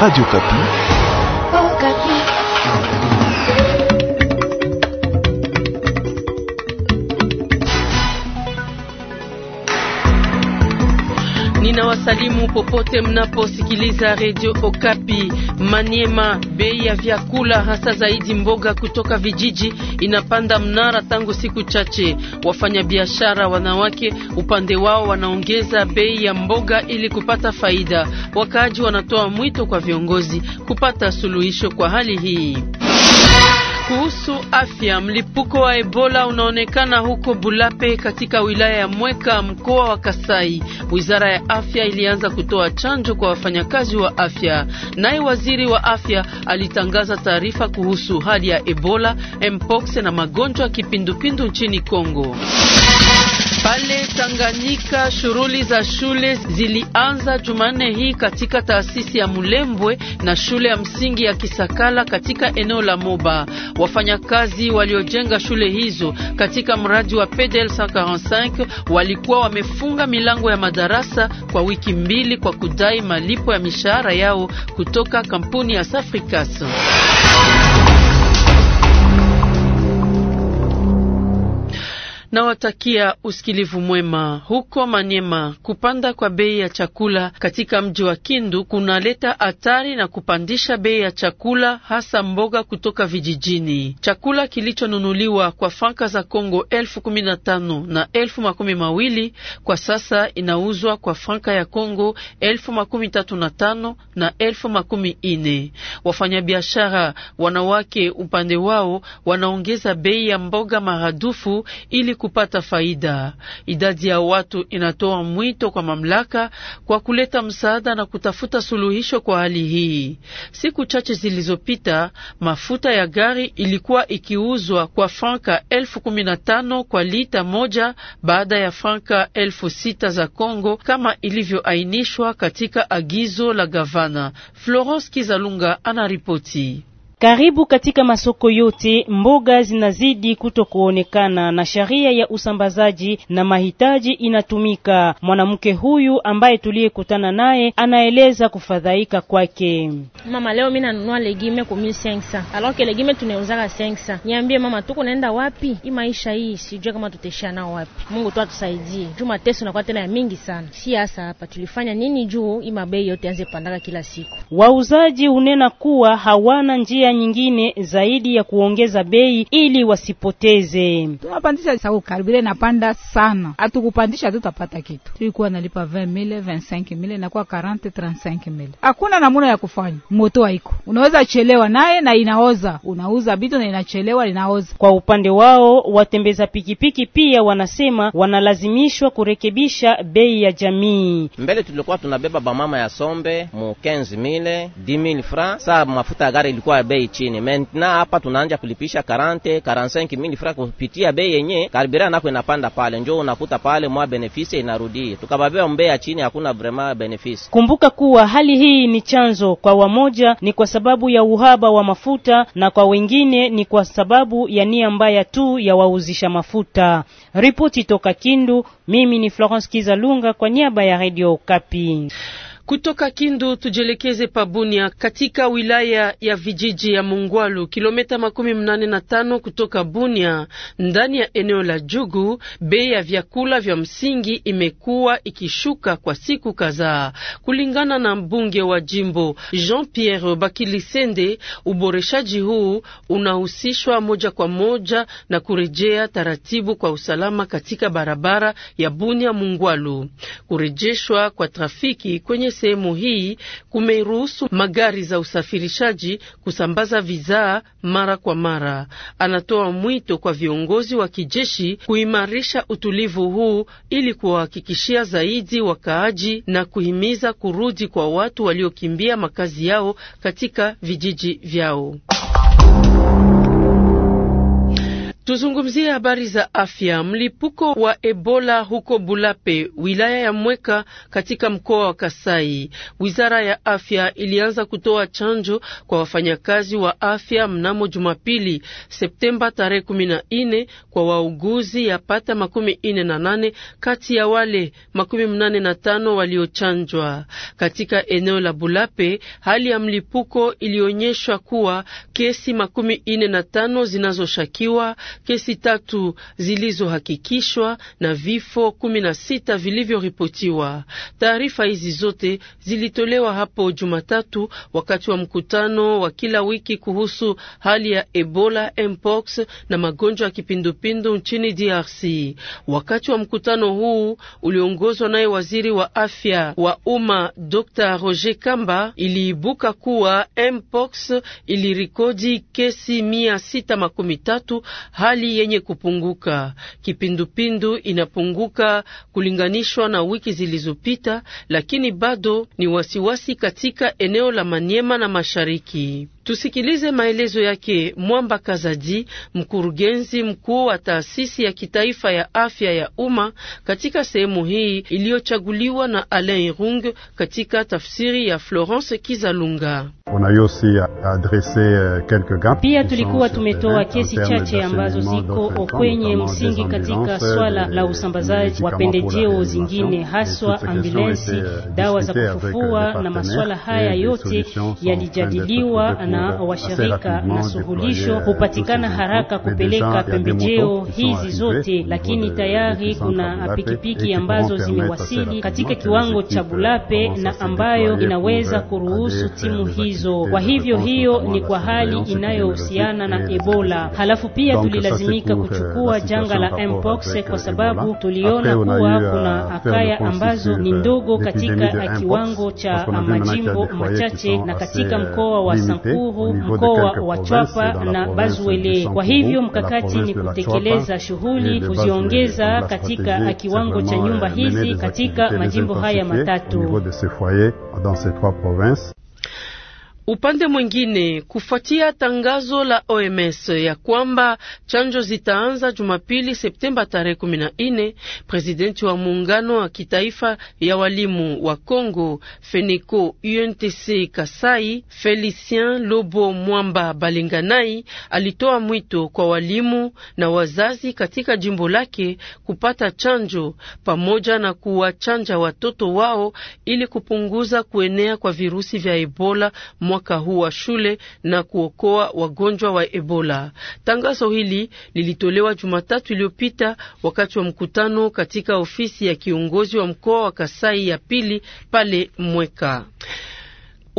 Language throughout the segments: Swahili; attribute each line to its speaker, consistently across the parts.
Speaker 1: Radio Okapi.
Speaker 2: nawasalimu popote mnaposikiliza redio Okapi. Maniema, bei ya vyakula hasa zaidi mboga kutoka vijiji inapanda mnara tangu siku chache. Wafanyabiashara wanawake upande wao wanaongeza bei ya mboga ili kupata faida. Wakaaji wanatoa mwito kwa viongozi kupata suluhisho kwa hali hii kuhusu afya. Mlipuko wa Ebola unaonekana huko Bulape katika wilaya ya Mweka mkoa wa Kasai. Wizara ya afya ilianza kutoa chanjo kwa wafanyakazi wa afya. Naye waziri wa afya alitangaza taarifa kuhusu hali ya Ebola, mpox na magonjwa ya kipindupindu nchini Kongo. Pale Tanganyika, shughuli za shule zilianza Jumanne hii katika taasisi ya Mulembwe na shule ya msingi ya Kisakala katika eneo la Moba. Wafanyakazi waliojenga shule hizo katika mradi wa PDL 145 walikuwa wamefunga milango ya madarasa kwa wiki mbili kwa kudai malipo ya mishahara yao kutoka kampuni ya Safricas. nawatakia usikilivu mwema. Huko Manyema, kupanda kwa bei ya chakula katika mji wa Kindu kunaleta hatari na kupandisha bei ya chakula, hasa mboga kutoka vijijini. Chakula kilichonunuliwa kwa franka za Kongo elfu kumi na tano na elfu makumi mawili kwa sasa inauzwa kwa franka ya Kongo elfu makumi tatu na tano na elfu makumi ine. Wafanyabiashara wanawake upande wao wanaongeza bei ya mboga maradufu ili kupata faida. Idadi ya watu inatoa mwito kwa mamlaka kwa kuleta msaada na kutafuta suluhisho kwa hali hii. Siku chache zilizopita, mafuta ya gari ilikuwa ikiuzwa kwa franka elfu kumi na tano kwa lita moja baada ya franka elfu sita za Kongo kama ilivyoainishwa katika agizo la gavana. Florence Kizalunga anaripoti.
Speaker 3: Karibu katika masoko yote mboga zinazidi kutokuonekana na sheria ya usambazaji na mahitaji inatumika. Mwanamke huyu ambaye tuliyekutana naye anaeleza kufadhaika kwake. Mama, leo mimi nanunua legime kwa 1500. Alors que legime tunauzaga 500. Niambie mama, tuko naenda wapi? Hii maisha hii sijui kama tutaishia nao wapi. Mungu tu atusaidie. Juma teso nakuwa tena ya mingi sana. Si hasa hapa tulifanya nini juu hii mabei yote anze pandaka kila siku. Wauzaji hunena kuwa hawana njia njia nyingine zaidi ya kuongeza bei ili wasipoteze. Tunapandisha sababu karibire napanda sana,
Speaker 4: hatukupandisha tutapata kitu. Tulikuwa nalipa 20000 25000 na kwa 40 35000,
Speaker 3: hakuna namna ya kufanya. Moto haiko, unaweza chelewa naye na inaoza, unauza bitu na inachelewa inaoza. Kwa upande wao watembeza pikipiki pia wanasema wanalazimishwa kurekebisha bei ya jamii.
Speaker 5: Mbele tulikuwa tunabeba bamama ya sombe mu 15000 10000 francs, saa mafuta ya gari ilikuwa bei bei chini. Maintenant hapa tunaanja kulipisha 40 45000 francs kupitia bei yenye karibira nako inapanda pale, njoo unakuta pale mwa benefisi inarudi, tukababea mbea chini, hakuna vrema benefisi.
Speaker 3: Kumbuka kuwa hali hii ni chanzo kwa wamoja ni kwa sababu ya uhaba wa mafuta na kwa wengine ni kwa sababu ya nia mbaya tu ya wauzisha mafuta. Ripoti toka Kindu, mimi ni Florence Kizalunga kwa niaba ya Radio Kapi. Kutoka Kindu
Speaker 2: tujielekeze Pabunia katika wilaya ya vijiji ya Mungwalu, kilomita makumi mnane na tano kutoka Bunia, ndani ya eneo la Jugu. Bei ya vyakula vya msingi imekuwa ikishuka kwa siku kadhaa. Kulingana na mbunge wa jimbo Jean Pierre Bakilisende, uboreshaji huu unahusishwa moja kwa moja na kurejea taratibu kwa usalama katika barabara ya Bunia Mungwalu, kurejeshwa kwa trafiki kwenye sehemu hii kumeruhusu magari za usafirishaji kusambaza vizaa mara kwa mara. Anatoa mwito kwa viongozi wa kijeshi kuimarisha utulivu huu ili kuwahakikishia zaidi wakaaji na kuhimiza kurudi kwa watu waliokimbia makazi yao katika vijiji vyao. Tuzungumzie habari za afya. Mlipuko wa Ebola huko Bulape, wilaya ya Mweka, katika mkoa wa Kasai. Wizara ya afya ilianza kutoa chanjo kwa wafanyakazi wa afya mnamo Jumapili, Septemba tarehe kumi na nne kwa wauguzi ya pata makumi nne na nane kati ya wale makumi mnane na tano waliochanjwa katika eneo la Bulape. Hali ya mlipuko ilionyeshwa kuwa kesi makumi nne na tano zinazoshakiwa kesi tatu zilizohakikishwa na vifo kumi na sita vilivyoripotiwa. Taarifa hizi zote zilitolewa hapo Jumatatu wakati wa mkutano wa kila wiki kuhusu hali ya Ebola, mpox na magonjwa ya kipindupindu nchini DRC. Wakati wa mkutano huu uliongozwa naye waziri wa afya wa umma Dr. Roger Kamba, iliibuka kuwa mpox ilirikodi kesi mia sita makumi tatu hali yenye kupunguka. Kipindupindu inapunguka kulinganishwa na wiki zilizopita, lakini bado ni wasiwasi katika eneo la manyema na Mashariki. Tusikilize maelezo yake Mwamba Kazadi, mkurugenzi mkuu wa taasisi ya kitaifa ya afya ya umma katika sehemu hii iliyochaguliwa na Alain Irung katika tafsiri ya Florence
Speaker 3: Kizalunga. Euh, Pia tulikuwa tumetoa kesi chache ambazo ziko kwenye msingi katika swala euh, la usambazaji wa pendejeo zingine, haswa ambulensi, euh, dawa za kufufua na maswala haya yote yalijadiliwa na na washirika na suluhisho euh, hupatikana haraka kupeleka pembejeo hizi zote, lakini tayari kuna pikipiki ambazo zimewasili katika kiwango cha Bulape na ambayo inaweza kuruhusu timu hizo. Kwa hivyo hiyo ni kwa hali inayohusiana na Ebola. Halafu pia tulilazimika euh, kuchukua janga la mpox euh, kwa sababu tuliona kuwa kuna akaya ambazo ni ndogo katika kiwango cha majimbo machache na katika mkoa wa Sanku Ruchuru, mkoa wa Chwapa na Bazuele. Kwa hivyo mkakati ni kutekeleza shughuli kuziongeza katika kiwango cha nyumba hizi katika majimbo haya matatu.
Speaker 2: Upande mwingine, kufuatia tangazo la OMS ya kwamba chanjo zitaanza Jumapili Septemba tarehe 14, presidenti wa muungano wa kitaifa ya walimu wa Kongo Feneko UNTC Kasai Felicien Lobo Mwamba Balinganai alitoa mwito kwa walimu na wazazi katika jimbo lake kupata chanjo pamoja na kuwachanja watoto wao ili kupunguza kuenea kwa virusi vya Ebola mwaka mwaka huu wa shule na kuokoa wagonjwa wa Ebola. Tangazo hili lilitolewa Jumatatu iliyopita wakati wa mkutano katika ofisi ya kiongozi wa mkoa wa Kasai ya pili pale Mweka.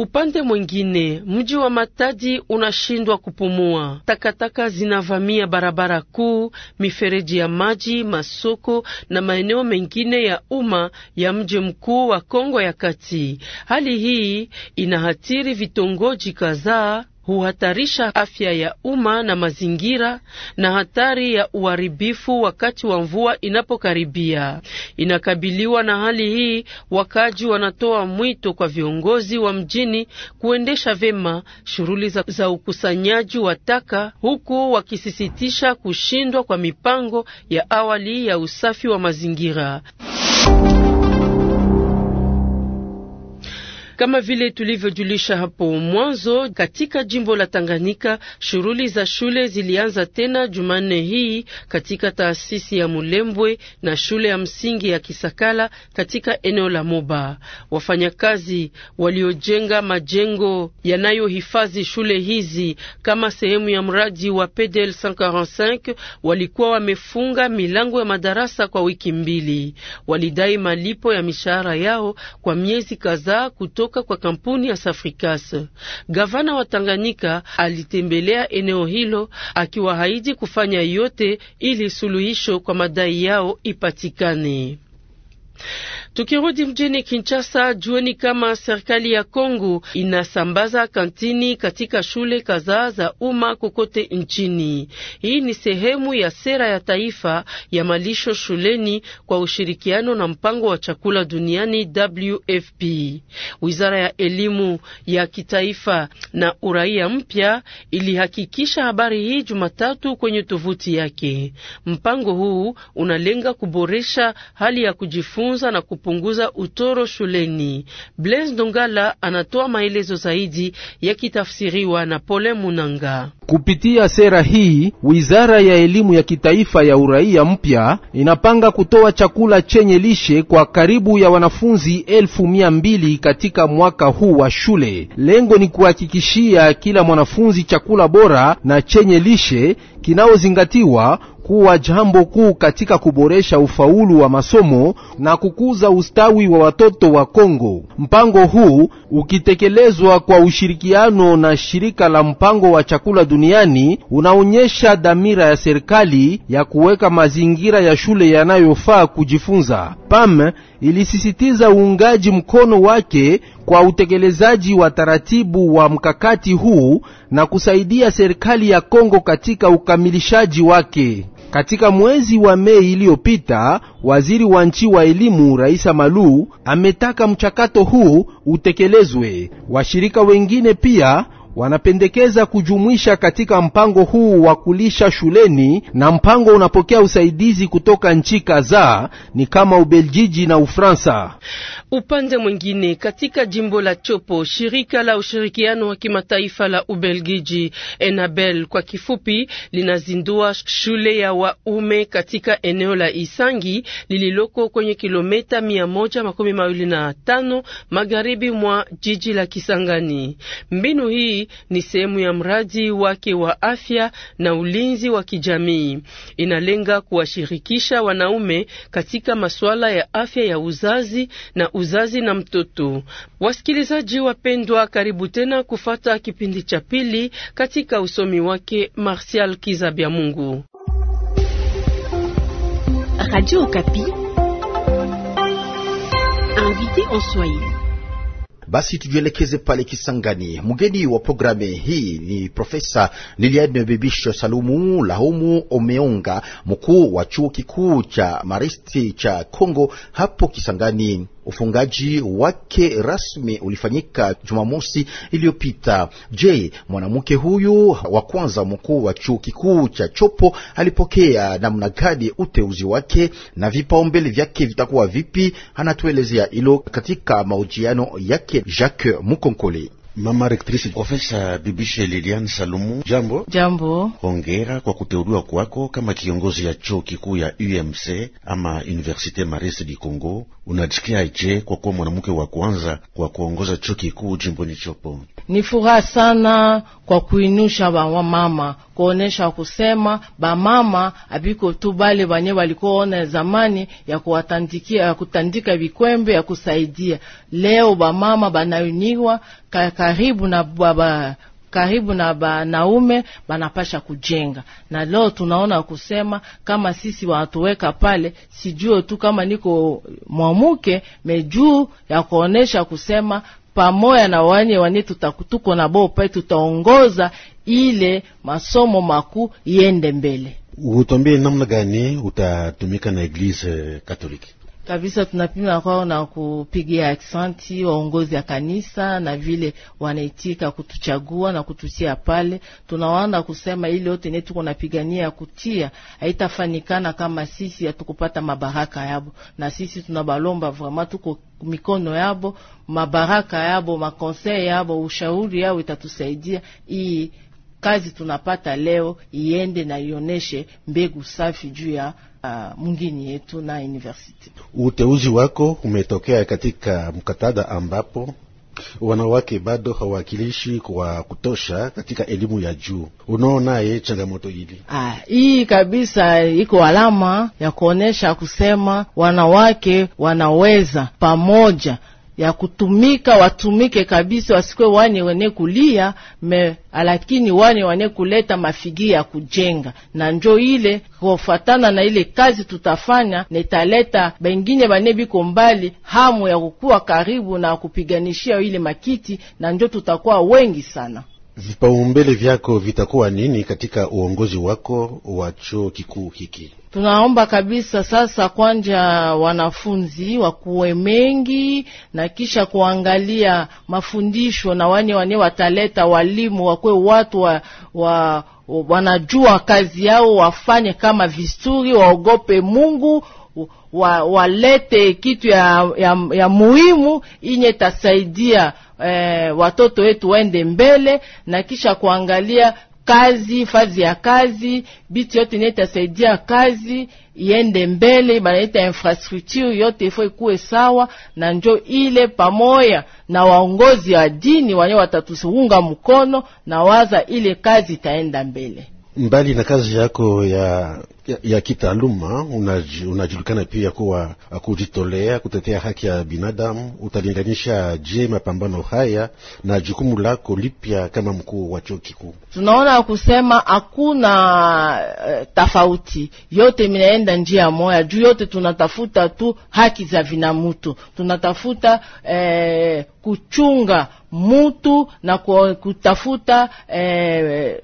Speaker 2: Upande mwingine, mji wa Matadi unashindwa kupumua. Takataka zinavamia barabara kuu, mifereji ya maji, masoko na maeneo mengine ya umma ya mji mkuu wa Kongo ya Kati. Hali hii inahatiri vitongoji kadhaa huhatarisha afya ya umma na mazingira na hatari ya uharibifu wakati wa mvua inapokaribia. Inakabiliwa na hali hii, wakaji wanatoa mwito kwa viongozi wa mjini kuendesha vema shughuli za, za ukusanyaji wa taka, huku wakisisitisha kushindwa kwa mipango ya awali ya usafi wa mazingira. Kama vile tulivyojulisha hapo mwanzo, katika jimbo la Tanganyika shughuli za shule zilianza tena Jumanne hii katika taasisi ya Mulembwe na shule ya msingi ya Kisakala katika eneo la Moba. Wafanyakazi waliojenga majengo yanayohifadhi shule hizi kama sehemu ya mradi wa PEDEL 145 walikuwa wamefunga milango ya madarasa kwa wiki mbili. Walidai malipo ya mishahara yao kwa miezi kadhaa kutoka kutoka kwa kampuni ya Safricas. Gavana wa Tanganyika alitembelea eneo hilo akiwaahidi kufanya yote ili suluhisho kwa madai yao ipatikane. Tukirudi mjini Kinshasa jueni kama serikali ya Kongo inasambaza kantini katika shule kadhaa za umma kokote nchini. Hii ni sehemu ya sera ya taifa ya malisho shuleni kwa ushirikiano na mpango wa chakula duniani WFP. Wizara ya elimu ya kitaifa na uraia mpya ilihakikisha habari hii Jumatatu kwenye tovuti yake. Mpango huu unalenga kuboresha hali ya kujifunza na kup kupunguza utoro shuleni. Blaise Dongala anatoa maelezo zaidi yakitafsiriwa na Pole Munanga.
Speaker 6: Kupitia sera hii, Wizara ya Elimu ya Kitaifa ya Uraia Mpya inapanga kutoa chakula chenye lishe kwa karibu ya wanafunzi elfu mia mbili katika mwaka huu wa shule. Lengo ni kuhakikishia kila mwanafunzi chakula bora na chenye lishe kinaozingatiwa kuwa jambo kuu katika kuboresha ufaulu wa masomo na kukuza ustawi wa watoto wa Kongo. Mpango huu ukitekelezwa kwa ushirikiano na shirika la mpango wa chakula duniani unaonyesha dhamira ya serikali ya kuweka mazingira ya shule yanayofaa kujifunza. PAM ilisisitiza uungaji mkono wake kwa utekelezaji wa taratibu wa mkakati huu na kusaidia serikali ya Kongo katika ukamilishaji wake. Katika mwezi wa Mei iliyopita, waziri wa nchi wa elimu Raisa Malu ametaka mchakato huu utekelezwe. Washirika wengine pia Wanapendekeza kujumuisha katika mpango huu wa kulisha shuleni, na mpango unapokea usaidizi kutoka nchi kadhaa ni kama Ubeljiji na Ufransa.
Speaker 2: Upande mwingine katika jimbo la Chopo, shirika la ushirikiano wa kimataifa la Ubelgiji Enabel kwa kifupi linazindua shule ya waume katika eneo la Isangi lililoko kwenye kilometa mia moja makumi mawili na tano magharibi mwa jiji la Kisangani. Mbinu hii ni sehemu ya mradi wake wa afya na ulinzi wa kijamii, inalenga kuwashirikisha wanaume katika masuala ya afya ya uzazi na uzazi na mtoto. Wasikilizaji wapendwa, karibu tena kufata kipindi cha pili katika usomi wake Martial Kizabya Mungu.
Speaker 3: Radio invité
Speaker 1: en Basi tujielekeze pale Kisangani. Mgeni wa programu hii ni Profesa Liliane Bibisho Salumu Lahumu Omeonga, mkuu wa chuo kikuu cha Maristi cha Kongo hapo Kisangani. Ufungaji wake rasmi ulifanyika Jumamosi iliyopita. Je, mwanamke huyu wa kwanza mkuu wa chuo kikuu cha Chopo alipokea namna gani uteuzi wake na vipaumbele vyake vitakuwa vipi? Anatuelezea hilo katika mahojiano yake Jacques Mukonkoli.
Speaker 7: Mama rektrisi Profesa Bibishe Lilian Salumu, jambo. Jambo, hongera kwa kuteuliwa kwako kama kiongozi ya chuo kikuu ya UMC ama Universite Mariste di Congo. Unajikia je kwa kuwa mwanamke wa kwanza kwa kuongoza chuo kikuu jimboni chopo?
Speaker 5: Ni furaha sana kwa kuinusha wamama kuonesha kusema bamama abiko tu bale wanye balikuona zamani ya kuwatandikia, ya kutandika vikwembe ya kusaidia. Leo bamama banauniwa karibu na baba karibu na banaume banapasha kujenga, na leo tunaona kusema kama sisi wanatuweka pale, sijue tu kama niko mwamuke mejuu ya kuonesha kusema pamoya na wanye wani tutakutuko na bo pale, tutaongoza ile masomo makuu iende mbele.
Speaker 7: Utombie namna gani utatumika na Eglise Katoliki?
Speaker 5: kabisa tunapima kwao na kupigia aksenti waongozi ya kanisa na vile wanaitika kutuchagua na kututia pale. Tunawaona kusema ile yote ne tuko napigania kutia haitafanikana kama sisi hatukupata mabaraka yabo, na sisi tunabalomba vrema, tuko mikono yabo, mabaraka yabo, makonsei yabo, ushauri yao itatusaidia hii kazi tunapata leo iende na ioneshe mbegu safi juu ya uh, mungini yetu na university.
Speaker 7: Uteuzi wako umetokea katika mkatada ambapo wanawake bado hawakilishi kwa kutosha katika elimu ya juu. Unaonaye changamoto hili?
Speaker 5: Ah, hii kabisa iko alama ya kuonyesha kusema wanawake wanaweza pamoja ya kutumika watumike kabisa, wasikwe wane wene kulia me, alakini wane wane kuleta mafigi ya kujenga, na njo ile kufatana na ile kazi tutafanya netaleta bengine bane biko mbali hamu ya kukuwa karibu na kupiganishia ile makiti, na njo tutakuwa wengi sana.
Speaker 7: Vipaumbele vyako vitakuwa nini katika uongozi wako wa chuo kikuu hiki?
Speaker 5: Tunaomba kabisa sasa kwanja wanafunzi wakuwe mengi na kisha kuangalia mafundisho na wane wane wataleta walimu wakuwe watu wa, wa wanajua kazi yao, wafanye kama vizuri, waogope Mungu, walete wa kitu ya, ya, ya muhimu inye tasaidia eh, watoto wetu waende mbele na kisha kuangalia kazi fazi ya kazi bitu yote ne itasaidia kazi iende mbele, banaita infrastructure yote ifo ikuwe sawa, na njo ile pamoya na waongozi wa dini wanye watatuunga mkono na waza ile kazi itaenda mbele
Speaker 7: mbali na kazi yako ya, ya, ya kitaaluma unajulikana pia kuwa kujitolea kutetea haki ya binadamu. Utalinganisha je mapambano haya na jukumu lako lipya kama mkuu wa chuo kikuu?
Speaker 5: Tunaona kusema hakuna e, tofauti, yote minaenda njia moya, juu yote tunatafuta tu haki za vinamutu, tunatafuta e, kuchunga mutu na kutafuta e,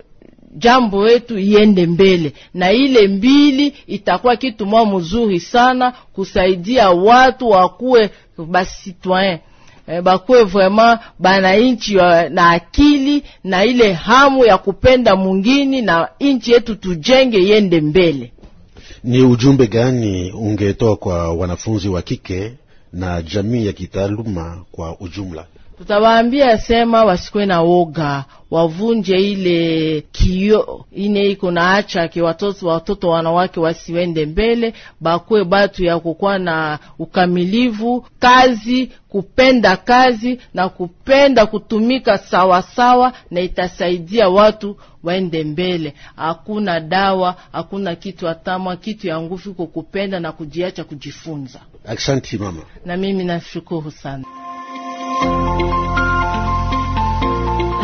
Speaker 5: jambo yetu iende mbele, na ile mbili itakuwa kitu mwa mzuri sana kusaidia watu wakuwe basitwayen eh, bakuwe vraiment bananchi na akili na ile hamu ya kupenda mungini na nchi yetu tujenge iende mbele.
Speaker 7: Ni ujumbe gani ungetoa kwa wanafunzi wa kike na jamii ya kitaaluma kwa ujumla?
Speaker 5: Tutawaambia sema wasikuwe na woga, wavunje ile kio ine iko na acha watoto watoto wanawake wasiwende mbele, bakwe batu ya kukwa na ukamilivu kazi, kupenda kazi na kupenda kutumika sawasawa sawa, na itasaidia watu waende mbele. Hakuna dawa, hakuna kitu atama kitu ya nguvu ko kupenda na kujiacha kujifunza.
Speaker 7: Asante mama,
Speaker 5: na mimi nashukuru sana.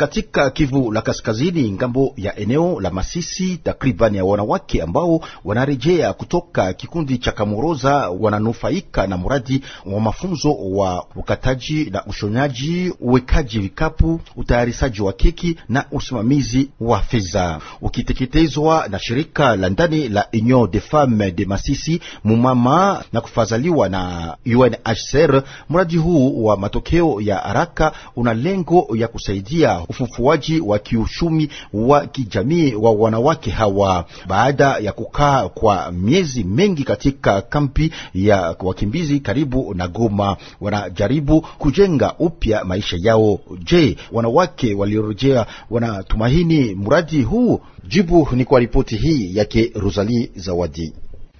Speaker 1: katika Kivu la Kaskazini, ngambo ya eneo la Masisi, takriban ya wanawake ambao wanarejea kutoka kikundi cha Kamoroza wananufaika na mradi wa mafunzo wa ukataji na ushonyaji uwekaji vikapu, utayarishaji wa keki na usimamizi wa fedha, ukiteketezwa na shirika la ndani la Union des Femmes de Masisi Mumama na kufadhaliwa na UNHCR. Mradi huu wa matokeo ya haraka una lengo ya kusaidia ufufuaji wa kiuchumi wa kijamii wa wanawake hawa baada ya kukaa kwa miezi mengi katika kampi ya wakimbizi karibu na Goma, wanajaribu kujenga upya maisha yao. Je, wanawake waliorejea wanatumaini mradi huu? Jibu ni kwa ripoti hii yake Rosalie Zawadi.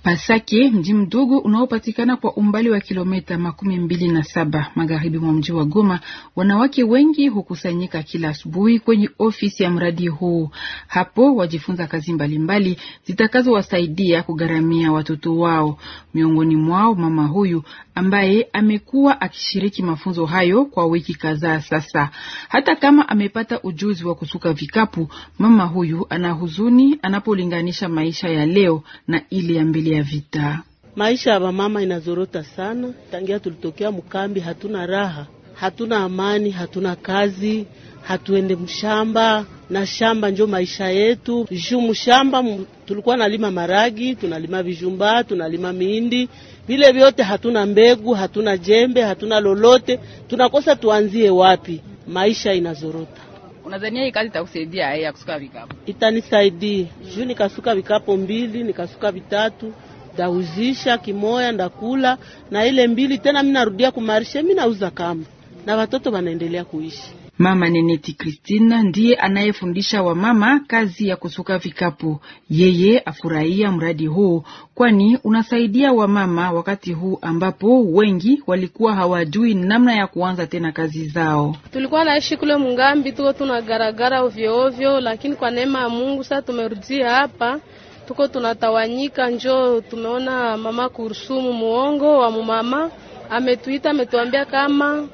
Speaker 4: Pasake, mji mdogo unaopatikana kwa umbali wa kilomita makumi mbili na saba magharibi mwa mji wa Goma, wanawake wengi hukusanyika kila asubuhi kwenye ofisi ya mradi huu. Hapo wajifunza kazi mbalimbali zitakazowasaidia kugharamia watoto wao. Miongoni mwao mama huyu ambaye amekuwa akishiriki mafunzo hayo kwa wiki kadhaa sasa. Hata kama amepata ujuzi wa kusuka vikapu, mama huyu ana huzuni anapolinganisha maisha ya leo na ile ya mbele ya vita.
Speaker 8: Maisha ya mamama inazorota sana, tangia tulitokea mkambi, hatuna raha, hatuna amani, hatuna kazi, hatuende mshamba na shamba njo maisha yetu juu mshamba Tulikuwa nalima maragi, tunalima vijumba, tunalima mihindi, vile vyote hatuna mbegu, hatuna jembe, hatuna lolote. Tunakosa tuanzie wapi? Maisha inazorota. Unadhania hii kazi itakusaidia ya kusuka vikapu? Itanisaidia juu nikasuka vikapo mbili, nikasuka vitatu ndauzisha kimoya, ndakula na ile mbili tena, minarudia kumarishe, minauza kamba na watoto wanaendelea kuishi.
Speaker 4: Mama Neneti Kristina ndiye anayefundisha wamama kazi ya kusuka vikapu. Yeye afurahia mradi huu, kwani unasaidia wamama wakati huu ambapo wengi walikuwa hawajui namna ya kuanza tena kazi zao.
Speaker 8: Tulikuwa naishi kule Mungambi, tuko tunagaragara ovyoovyo, lakini kwa neema ya Mungu sasa tumerudia hapa tuko tunatawanyika, njo tumeona mama Kursumu muongo wa mumama ametuita, ametuambia kama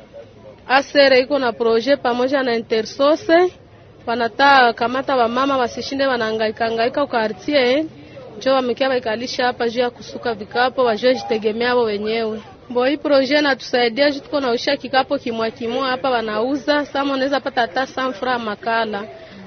Speaker 8: asere iko na proje pamoja na Intersose wanataa kamata wamama wasishinde wanahangaika hangaika kukartie eh? njo wamekia waikalisha hapa juu ya kusuka vikapo wajue jitegemea wao wenyewe. Mbo hii proje natusaidia juu tuko nausha kikapo kimwa kimwa hapa wanauza sama unaweza pata hata sanfra makala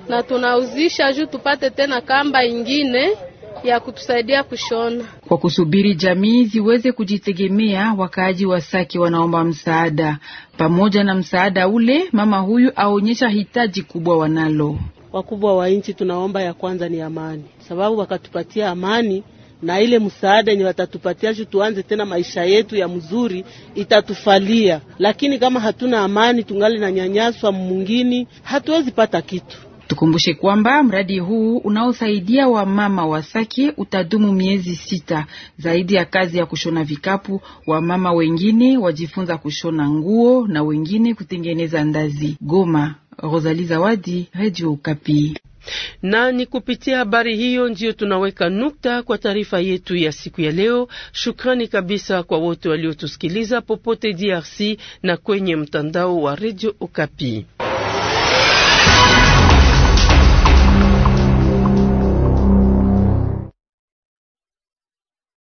Speaker 8: na tunauzisha juu tupate tena kamba ingine ya kutusaidia kushona.
Speaker 4: Kwa kusubiri jamii ziweze kujitegemea, wakaaji wa Sake wanaomba msaada. Pamoja na msaada ule, mama huyu aonyesha hitaji kubwa wanalo.
Speaker 8: Wakubwa wa nchi tunaomba ya kwanza ni amani, sababu wakatupatia amani na ile msaada yenye watatupatia shu tuanze tena maisha yetu ya mzuri itatufalia, lakini kama hatuna amani tungali na nyanyaswa mungini, hatuwezi pata kitu.
Speaker 4: Tukumbushe kwamba
Speaker 8: mradi huu unaosaidia
Speaker 4: wamama Wasake utadumu miezi sita. Zaidi ya kazi ya kushona vikapu, wamama wengine wajifunza kushona nguo na wengine kutengeneza ndazi. Goma, rosali Zawadi, Radio Okapi. Na ni kupitia
Speaker 2: habari hiyo ndiyo tunaweka nukta kwa taarifa yetu ya siku ya leo. Shukrani kabisa kwa wote waliotusikiliza popote DRC na kwenye mtandao wa Radio
Speaker 1: Okapi.